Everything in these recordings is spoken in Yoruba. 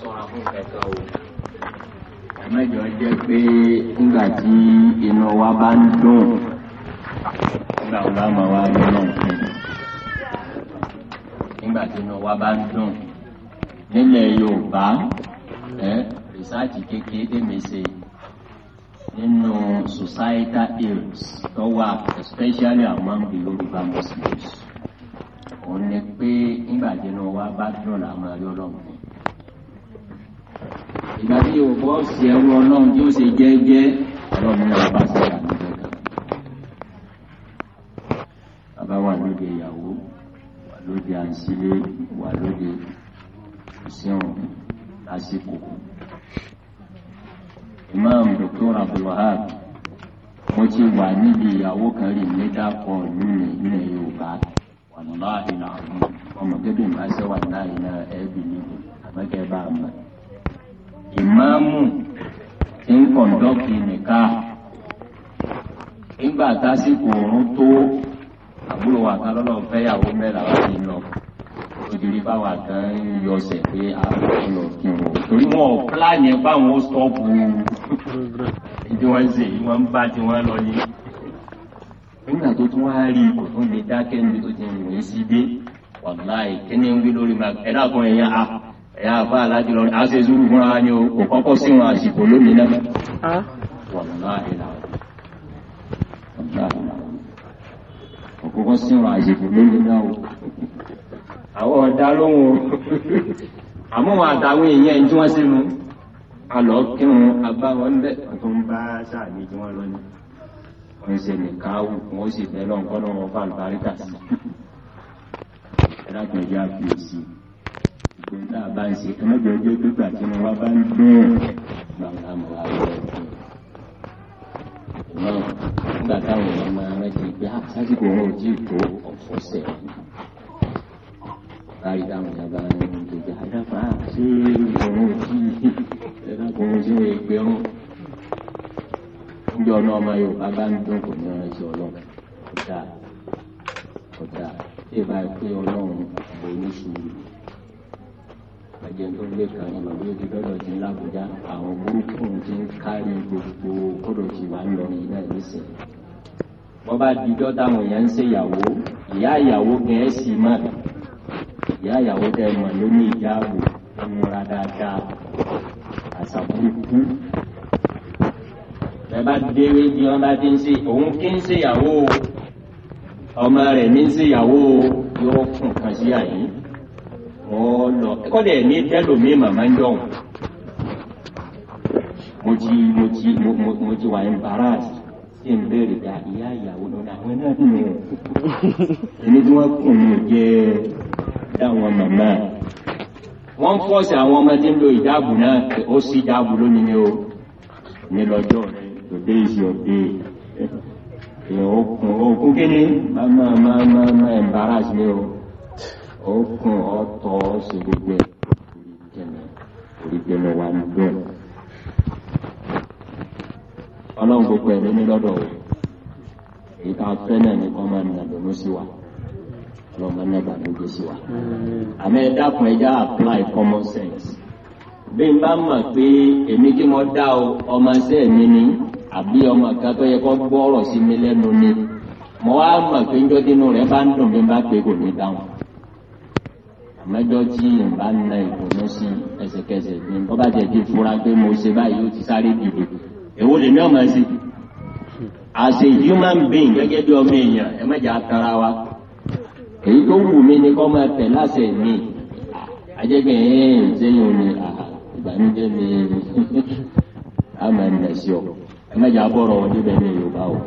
sọ̀rọ̀ fún kẹ̀kẹ́ o. ẹ̀mẹ́jọ jẹ́ pé nígbà tí inú wa bá ń dùn nígbà wo bá máa wá rí náà fún un. nígbà tí inú wa bá ń dùn nílẹ̀ Yorùbá ẹ̀ rìsáàjì kékeré tèmi ṣe nínú societal ills tó wà especially among the Yorùbá Muslims òun ni pé nígbà tí inú wa bá dùn làwọn ẹ̀rí ọlọ́run ìgbà tí yóò bọ́ sí ẹrú ọlọ́run tí ó ṣe jẹ́jẹ́ ọlọ́run náà bá sí àwọn ọ̀dọ́ kan. bàbá wà lóde ìyàwó wà lóde àǹsílé wà lóde ìṣẹ́wọ̀n lásìkò. Imam Dr. Abdulwahab mo ti wà níbi ìyàwó kan rí ní dákọ̀ nílẹ̀ nílẹ̀ Yorùbá wà lọ́wọ́ àdínà ọmọ gẹ́gẹ́ bí màá ṣe náà ẹ̀ bì ní àbẹ́kẹ́ bá a mọ̀ ìmáàmù ti ń kọ̀ǹdọ́kì nìka nígbà tásìkò òun tó àbúrò wa kan lọ́nà fẹ́yàwó mẹ́la wá sí lọ òjòrí báwa kan ń yọ ọ̀sẹ̀ pé àbúrò lọ kí n wò torí wọn ò pílánì ẹ báwọn ó sọ́ọ̀bù ìdí wọn ṣe yìí wọn ń bá tí wọn lọ ní. nígbà tó tún wá rí ipò tó lè dákẹ́ níbi tó ti rìn sí dé wàláì kíní ń gbé lórí ma ẹ̀dá kan ẹ̀yà á ẹ̀yà àfa alájùlọ rẹ̀ á ṣe zúrù fúnra ni o kò kọ́kọ́ sí wọn àsìkò lónìí náà. o. àwọn ọ̀dà lóhùn o àmọ́ wọn àtàwọn èèyàn ẹni tí wọ́n sínú alọ́ kírun abáwọn ń bẹ̀ tó ń bá sáà ní tí wọ́n lọ ní wọ́n ṣe nìkan áwù wọ́n sì bẹ́ẹ̀ lọ́nkọ́ náà wọ́n fà lùbáríkà sí i ẹ̀dá kan ìyá àfiyèsí tá a bá ń ṣe ẹ mọ́jọ ọjọ́ gbígbà tí wọ́n bá ń bẹ́ẹ̀ gbàgbà mọ́ wa lọ. náà nígbà táwọn èèyàn máa rántí pé ah, sásìkò wọn ò tí ì tó ọ̀fọ́sẹ̀ báyìí táwọn èèyàn bá ń gbèjà ah, àdàpà ṣé ìgbọ̀nrún tí ẹ̀dàkùnrin ṣe é gbẹ̀rún. níjọ́ náà ọmọ Yorùbá bá ń dún kò ní ọ̀rẹ́sì ọlọ́run kò dáa kò dáa tí jẹ tó gbé kan ní bàbá yóò ti lọ́dọ̀ ti lábújá àwọn burúkú ti ń kárí gbogbo kódò tí wàá lọ ní ilé ìlísẹ̀. wọ́n bá dijọ́ táwọn èèyàn ń ṣèyàwó ìyá ìyàwó gẹ̀ẹ́sì mọ̀ ìyá ìyàwó tẹ mọ̀ ló ní ìjáàbò múra dáadáa àṣà burúkú. bẹ́ẹ̀ bá dé bí wọ́n bá ti ń ṣe òun kí ń ṣèyàwó ọmọ rẹ̀ ní ṣèyàwó yóò fún kan sí àyè ọlọ kọdẹ ní tẹlomi màmá ń dọ̀hún mo ti mo ti mo ti wà embarrass ṣe ń bẹ̀rẹ̀ gba ìyá ìyàwó lọ́dọ̀ àwọn náà nù ẹni tí wọ́n kùn mí jẹ́ dáwọn màmá wọ́n fọ́ọ̀sì àwọn ọmọ tí ń lo ìdáàbò náà ó sì dáàbò lónìí ni ó ní lọ́jọ́ rẹ̀ today is your day èèyàn ó kún ó kún kí ni máa máa máa máa embarrass mi o ọkùn ọ̀tọ̀ ọ̀sẹ̀ gbogbo ẹ̀ orí kẹlẹ̀ orí kẹlẹ̀ wà níbẹ̀. ọlọ́run gbogbo ẹ̀ lóní lọ́dọ̀ rẹ̀ ìka fẹ́lẹ̀ nìkan máa nà lónú sí wa lọ́mọ náà gbàgbé sí wa. àmọ́ ẹ dákun ẹ apply common sense bí n bá mọ̀ pé èmi kí mo dá o ọmọ iṣẹ́ mi ni àbí ọmọ kan tó yẹ kó gbọ́ ọ̀rọ̀ sí mi lẹ́nu ni mo wá mọ̀ pé njọ́ dínú rẹ̀ bá ń dùn bí n bá pé kò ní dáhùn àmọ́jọ́ tí ìbá na ìdùnnú sí ẹsẹ̀kẹsẹ̀ ní bọ́bá jẹ́ bí fura pé mo ṣe báyìí ó ti sáré dìde èwo lè ní ọmọ ẹsẹ̀ as a human being gẹ́gẹ́ bí ọmọ èèyàn ẹ má jẹ́ wa èyí tó wù mí ni kọ́ máa tẹ̀ láṣẹ mi ajẹ́gbẹ́ ẹ̀ẹ́n sẹ́yìn òní ìbànújẹ́ mi a máa ń dẹ̀sí ẹ má abọ́rọ̀ wọn níbẹ̀ ní Yorùbá o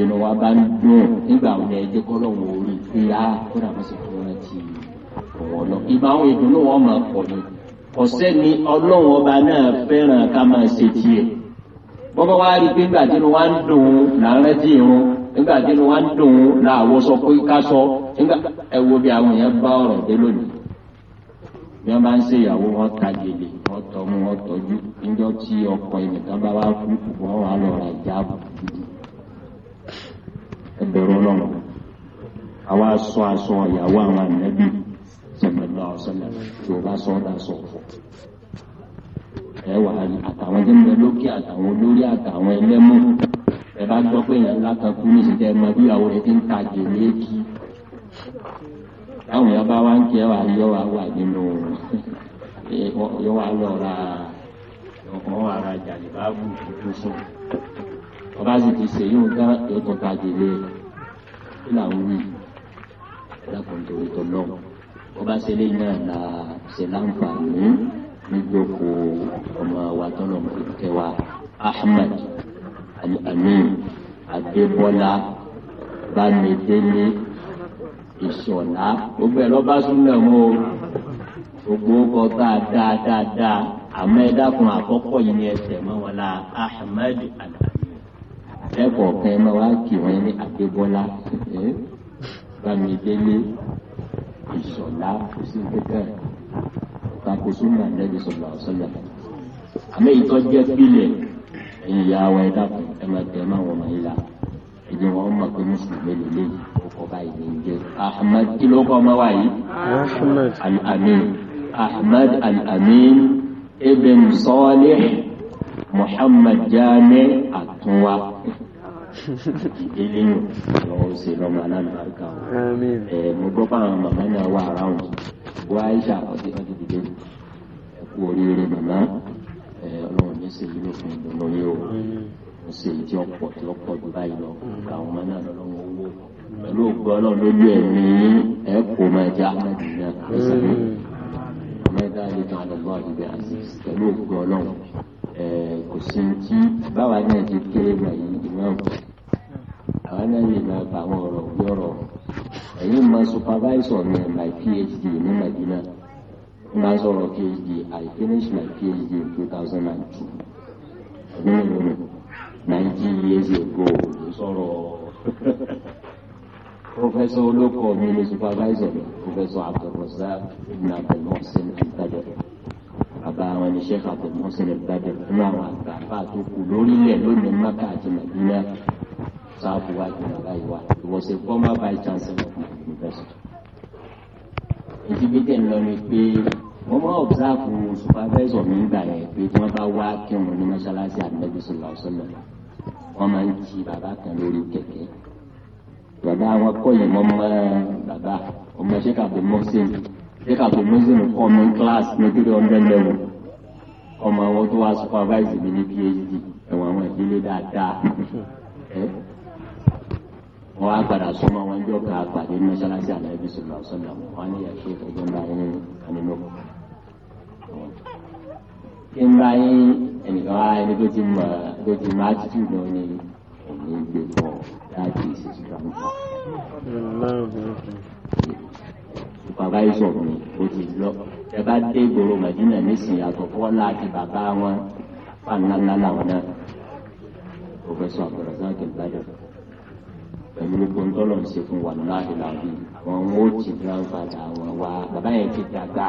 inú wa bá ń dùn nígbà wọn ẹ jẹ́ kọ́ orí pé á kó ọ̀nà ìgbà ìdùnnú wọn máa pọ̀ ni ọ̀sẹ́ni ọlọ́run ọba náà fẹ́ràn ká máa ṣe tiẹ̀ bọ́bá wa rí pé nígbà tí inú wa dùn sọ pé ká sọ nígbà ẹ wo bí àwọn èèyàn bá ọ̀rọ̀ dé lónìí wọ́n ọkọ bá wá wà lọ sọlọ tó bá sọ ọdà sọ ẹ wà àtàwọn tẹtẹ lókè àtàwọn olórí àtàwọn ẹlẹmú ẹ bá gbọ́ pé yẹn lákan kú ní ìsìtẹ ẹ bí àwọn ẹ ń ta jèlé kí táwọn yẹn bá ń kí ẹ wà yọ wà wà nínú yọ wà lọ ra ọkàn wà ra jàlè bá wù tó sùn ọba sì ti ṣe yóò dá yóò ta jèlé e. kí làwọn wí ẹ dákun tó tó náà ọba ṣẹlẹ̀ náà la ṣe láǹfààní nígbòkó ọmọ wa tọ́lọ̀ kẹwa Ahmed Al-Amin Adébọ́lá Bámidélé Ìṣọ̀lá gbogbo ẹ̀ lọ́ba súnlẹ̀ mọ́ o gbogbo ọkọ̀ dáadáa dáadáa àmọ́ ẹ dákun àkọ́kọ́ yìí ni ẹsẹ̀ mọ́ wọn la Ahmed Al-Amin ẹ̀kọ́ kan ẹ máa wá kí wọ́n ní Adébọ́lá eh, Bámidélé ìṣọ̀lá kò sí pẹ́pẹ́ tako súnmọ́ ẹ̀dẹ́gbẹ́ sọ̀lá ọ̀sọ́lá. àmì ìtọ́ jẹ́ pílẹ̀ ìyá wa ẹ̀dá kan ẹ máa tẹ̀ máa wọ̀ wọ̀nyí la ìdí wọn mọ̀ pé mùsùlùmí lè lè kókó báyìí lè jẹ́ ahmed kí ló kọ́ ọmọ wa yìí. alamin ahmed alamin ibn salih muhammad jami atunwa ilé ọlọ́run ṣe lọ́mọ alábàárìkà wọn. mo gbọ́ pé màmá náà wà ara wọn bó aisha ọtí ọtí dìde ẹkú oríire màmá ọlọ́run ní sèyí ló fún ìdùnnú yìí o mo ṣe èyí tí ó tí ó pọ̀ jù báyìí lọ àwọn ọmọ náà lọ́wọ́ owó pẹ̀lú ògbó ọlọ́run lójú ẹ̀mí ẹ̀kọ́ máa jẹ́ amẹ́dìyàn àbẹ́sẹ̀lẹ́ mẹ́ta lè kan lọ́gbọ́n ìgbẹ́ àti pẹ̀lú ògbó ọlọ́run kò sí ti báwa náà ti kéré wọ̀nyí ìmọ̀ ọ̀pọ̀ àtàwọn ọ̀rọ̀ gbọ́rọ̀ ẹ̀yin máa supervisor mi my PhD ní Madina máa sọ̀rọ̀ PhD I finished my PhD in two thousand and two ọdún ninety years ago ló sọ̀rọ̀ professor olóko mi ní supervisor mi professor Abdulrasaq ibn Abdulmohsen Al-Badr bàbá àwọn ẹni Sheikh Abdulmohsen Al-Badr fún àwọn àgbà àbá àtòkù lórílẹ̀ lónìí Maka àti Madina. Saad Wakinalaiwa. He was a former vice chancellor of my university. Èti bí tẹ̀ ń lọ ni pé wọ́n máa ọ̀bùsáàfù supervisor mi ń gbà yẹn pé tí wọ́n bá wá kírun ní mọ́ṣáláṣí àdínẹ́bísọ̀ lọ́sọ̀lọ́ wọ́n máa ń jí bàbá kan lórí kẹ̀kẹ́. Bàbá àwọn kọ́yìn mọ́ mọ́ bàbá ọmọ ṣẹ́ka bò mọ́sìn ṣẹ́ka bò mọ́sìn kọ́ mi class ní three hundred level ọmọ àwọn tó wá supervise mi ní PhD ẹ̀wọ̀n àwọn ìdílé dáadáa wọn á padà súnmọ́ wọn jọ ká pàdé mọ́ṣáláṣí àlàyé sọlọ sọlọ wọn ní yàtọ̀ ìgbẹ́ ńlá yín ànínú. kí n bá yín ẹnìkan wá ẹni tó ti mọ tó ti mọ attitude náà ni òní gbé bọ láti ìṣèṣù kan bàbá yìí sọ̀rọ̀ ni ó ti lọ ẹ bá dé ìgboro màdínà nísìnyí àtọ̀kọ́ láti bàbá wọn fáńlá ńlá làwọn náà ó fẹ́ sọ̀rọ̀ gbogbo ńtọ́lọ̀ ń ṣe fún wa láàyè láàyè wọn ò ti grandfather àwọn wa bàbá yẹn ti dàgbà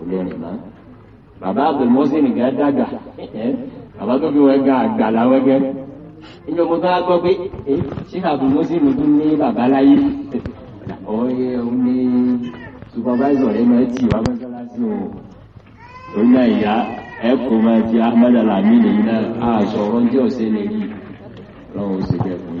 olórin mọ́ bàbá abdulmosin nìkan dàgbà bàbá tó fi wọ́n ga àgbà làwọn gẹ́ ẹjọ́ mo tọ́lá gbọ́ pé ṣé abdulmosin tún ní bàbá láyé ọ̀yẹ́ òun ní supervisor rẹ̀ máa tì wá mọ́sálásí òun òun náà ìyá ẹ̀kọ́ máa ti ahmed alami nìyí náà àṣọ ọ̀rọ̀ ń jẹ́ ọ̀sẹ̀ nìyí lọ́wọ́ ó ṣe bẹ́ẹ̀ fún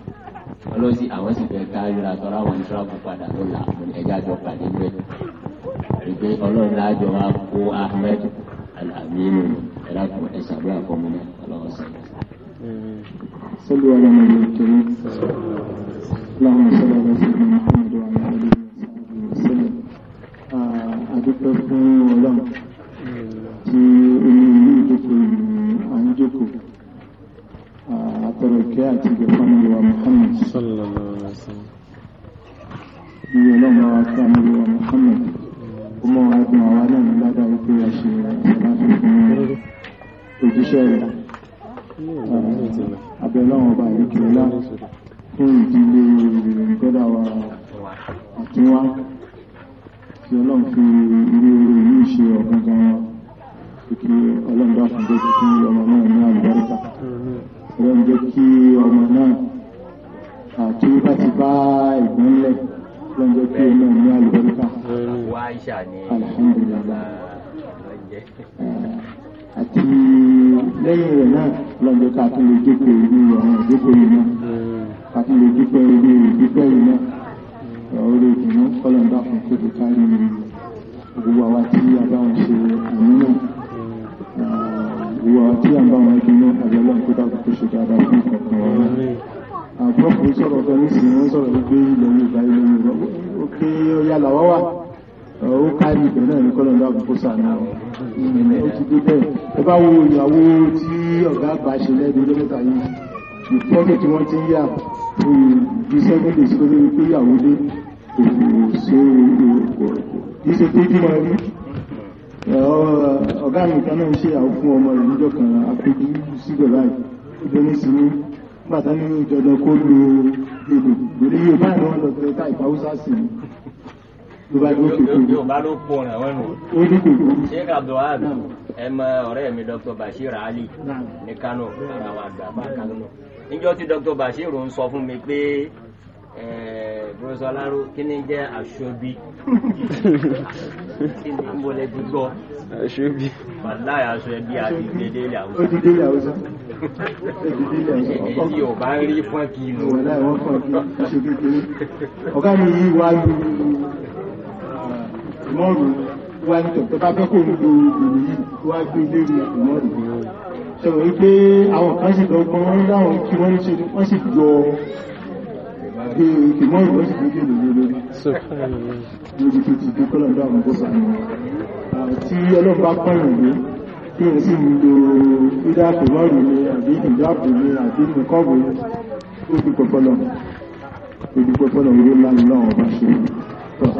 ọlọ́sí àwọn sì fẹ́ kárí ra tọ́ra wọn ní tíráàbù padà lọ́la ẹ̀já jọ pàdé bẹ́ẹ̀ ìgbé ọlọ́run láàjọ wa kó ahmed alaminu ẹ̀rá fún ẹ̀sàdúrà fọmọ náà ọlọ́run sọ. صلوا على النبي الكريم اللهم صل على سيدنا محمد وعلى اله وصحبه وسلم adúpẹ́ fún ọlọ́run tí orí ìlú ìjókòó ni à ń jókòó àtọ̀rọ̀ ìkẹ́ àti والسلام bí ọlọ́run ara tí a ní ìwọ mọ́sánmọ̀ ó mọ́ agbọn àwa náà ní ládàá wípé a ṣe láti fún òjíṣẹ́ rẹ̀ abẹ́lọ́run ọba àríkìlá fún ìdílé ìrìnrìn gọ́dà wa àtúnwá tí ọlọ́run fi ilé orí yìí ṣe ọ̀kan gan kí ọlọ́run bá fún jẹ́ kí ọmọ náà ní àlùbáríkà ọlọ́run jẹ́ kí ọmọ náà àti bá ti bá ìgbínlẹ̀ ló ń jẹ́ kí omi ẹ̀ ní àlùbọ́ríkà. alhamdulilayi àti lẹ́yìn rẹ̀ náà ló ń jẹ́ ká tún lè dúpẹ́ ìlú ọ̀hún dúpẹ́ ìlú ká tún lè dúpẹ́ ìlú ìdúpẹ́ ìlú náà ọ̀rọ̀ orí ìdùnnú kọ́lọ̀ ń bá fún kó ti kárí gbogbo àwa tí a bá wọn ṣe àmì náà gbogbo àwa tí a bá wọn ṣe náà àbẹ̀wọ̀n kó dàgbà kó ṣe dáadáa fún ìkọ̀ọ̀kan wọn àbúrò sọ̀rọ̀ kan nísìnyí wọ́n sọ̀rọ̀ wípé ilẹ̀ yorùbá ilẹ̀ yorùbá ó ké ọya làwọ́ wà ó kárí ibẹ̀ náà ní kọ́lọ̀ náà kó sànà ó ti dé bẹ́ẹ̀ ẹ bá wo ìyàwó tí ọ̀gá àgbà ṣe lẹ́nu ọjọ́ mẹ́ta yìí ìfọ́kẹ̀ tí wọ́n ti ń yà bí sẹ́gun lè sọ lórí pé ìyàwó dé òkòwò sí òkòwò kì í ṣe pé mi kan náà ń ṣe àwọn fún ọmọ rẹ̀ níjọ́ kan àpèjì síbẹ̀ báyìí ó dé ní sinmi bàtà nínú ìjọba kó lu ìlú lórí yorùbá ni wọn lọ fẹ ká ìfawúsá sí i ló bá dúró kékeré. yorùbá ló kó rẹ̀ wọ́n nù. ó ní kò kó. sheikh abdulhab ẹ mọ ọ̀rẹ́ mi dr bashir ali ní kano ara wa àgbà bá kano. níjọ́ tí dr bashir ń sọ fún mi pé bọ́sọ̀ eh, aláró kí ni jẹ́ aṣọ́bí kí ni mọ̀lẹ́ ti gbọ́. aṣọ́bí. wàláyà aṣọ ẹbí àti ìdílé àwùjọ. ìdílé àwùjọ. bá rí fún kí ọ̀gá mi yí wá lu uh, mọ́ọ̀rù wá ní tọ̀ bá fẹ́ kó ń lo ìlú yìí wá gbé lérí mọ́ọ̀rù. sọ̀rọ̀ wípé àwọn kan sì lọ gbọ́n láwọn kí wọ́n ṣe wọ́n sì jọ pé ìmọ̀ ìwé sì méjì lè lórí níbi tó ti dé kọ́lọ̀ dá àwọn bọ́sà ni tí ọlọ́pàá pààyàn lé tí ẹ sì ń lo ìdáàbò lọ́rù ni àbí ìdáàbò ni àbí ìkọ́bù ni ó fi pọpọlọ ó fi pọpọlọ ìwé ńlá ni lọ́wọ́ ọba ṣe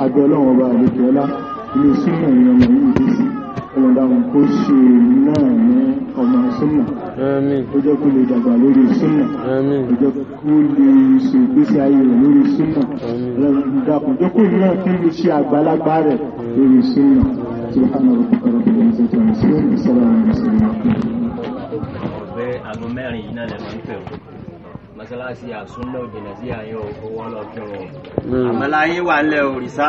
àgbẹ̀ ọlọ́wọ́ ọba àlejò ọlá ilé sí ọlọ́run dáhùn kó ṣe náà ní ọmọ súnà ó jẹ́ kó lè dàgbà lórí súnà ó jẹ́ kó lè ṣe ìgbésí ayé rẹ̀ lórí súnà ọlọ́run dákun jẹ́ kó náà kí ló ṣe àgbàlagbà rẹ̀ lórí súnà tí ó hàn ọ̀rọ̀ kọ̀ọ̀rọ̀ kọ̀ọ̀rọ̀ ní ṣètò ọ̀rọ̀ sí ọ̀rọ̀ sọ̀rọ̀ ọ̀rọ̀ sọ̀rọ̀ ọ̀gbẹ́ aago mẹ́rin yìí náà lè máa ń fẹ́ o mọ́sálásí àsúnlẹ̀ òjìnà sí àyẹ̀ òwò ọlọ́kẹ́wọ̀n àmàlà ayé wà ń lẹ́ òrìṣà